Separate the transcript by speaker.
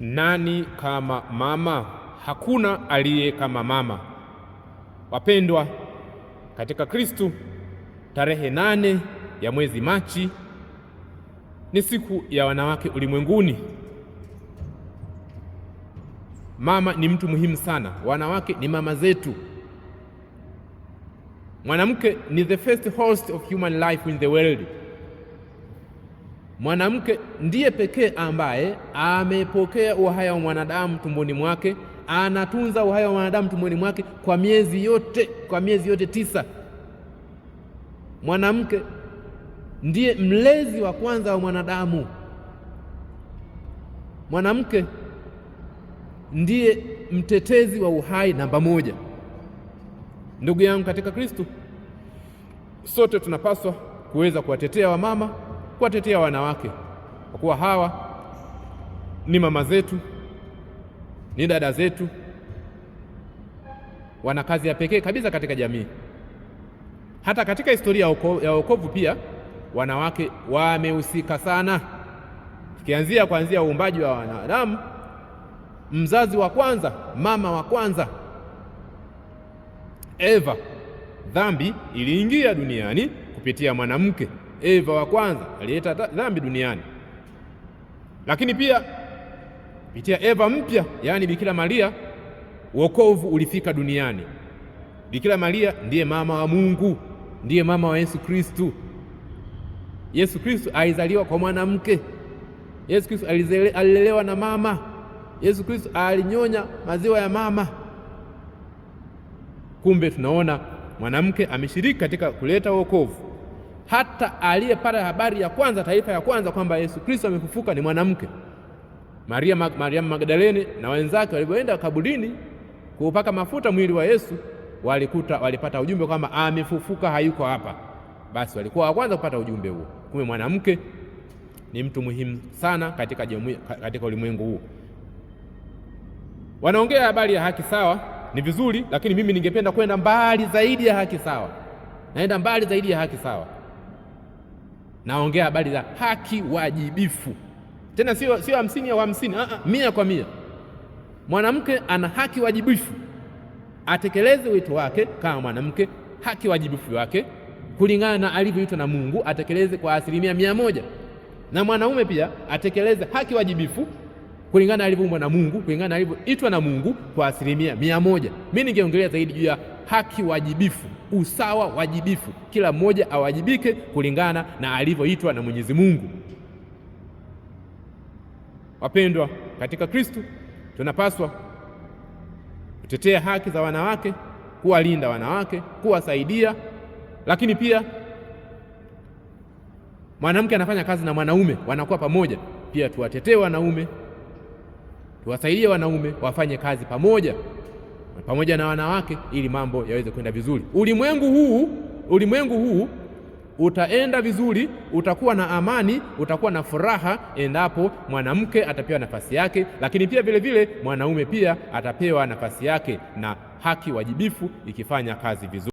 Speaker 1: Nani kama mama? Hakuna aliye kama mama. Wapendwa katika Kristu, tarehe nane ya mwezi Machi ni siku ya wanawake ulimwenguni. Mama ni mtu muhimu sana. Wanawake ni mama zetu. Mwanamke ni the first host of human life in the world. Mwanamke ndiye pekee ambaye amepokea uhai wa mwanadamu tumboni mwake, anatunza uhai wa mwanadamu tumboni mwake kwa miezi yote, kwa miezi yote tisa. Mwanamke ndiye mlezi wa kwanza wa mwanadamu. Mwanamke ndiye mtetezi wa uhai namba moja. Ndugu yangu katika Kristo, sote tunapaswa kuweza kuwatetea wamama kuwatetea wanawake, kwa kuwa hawa ni mama zetu, ni dada zetu, wana kazi ya pekee kabisa katika jamii. Hata katika historia ya wokovu pia wanawake wamehusika sana, tukianzia kuanzia uumbaji wa wanadamu, mzazi wa kwanza, mama wa kwanza Eva, dhambi iliingia duniani kupitia mwanamke. Eva wa kwanza alileta dhambi duniani, lakini pia kupitia Eva mpya, yaani Bikira Maria, wokovu ulifika duniani. Bikira Maria ndiye mama wa Mungu, ndiye mama wa Yesu Kristu. Yesu Kristu alizaliwa kwa mwanamke. Yesu Kristu alilelewa na mama. Yesu Kristu alinyonya maziwa ya mama. Kumbe tunaona mwanamke ameshiriki katika kuleta wokovu hata aliyepata habari ya kwanza, taarifa ya kwanza kwamba Yesu Kristo amefufuka ni mwanamke Maria, Maria Magdalene na wenzake walipoenda kaburini kuupaka mafuta mwili wa Yesu walikuta, walipata ujumbe kwamba amefufuka, hayuko hapa. Basi walikuwa wa kwanza kupata ujumbe huo. Kumbe mwanamke ni mtu muhimu sana katika, katika ulimwengu huu. Wanaongea habari ya haki sawa, ni vizuri, lakini mimi ningependa kwenda mbali zaidi ya haki sawa, naenda mbali zaidi ya haki sawa naongea habari za haki wajibifu, tena sio sio hamsini au hamsini, ah, ah. mia kwa mia. Mwanamke ana haki wajibifu, atekeleze wito wake kama mwanamke, haki wajibifu wake kulingana na alivyoitwa na Mungu, atekeleze kwa asilimia mia moja na mwanaume pia atekeleze haki wajibifu kulingana na alivyoumbwa na Mungu, kulingana na alivyoitwa na Mungu kwa asilimia mia moja. Mimi ningeongelea zaidi juu ya haki wajibifu, usawa wajibifu, kila mmoja awajibike kulingana na alivyoitwa na Mwenyezi Mungu. Wapendwa katika Kristo, tunapaswa kutetea haki za wanawake, kuwalinda wanawake, kuwasaidia. Lakini pia mwanamke anafanya kazi na mwanaume, wanakuwa pamoja, pia tuwatetee wanaume, tuwasaidie wanaume wafanye kazi pamoja pamoja na wanawake ili mambo yaweze kwenda vizuri. Ulimwengu huu, ulimwengu huu utaenda vizuri, utakuwa na amani, utakuwa na furaha endapo mwanamke atapewa nafasi yake, lakini pia vile vile mwanaume pia atapewa nafasi yake na haki wajibifu ikifanya kazi vizuri.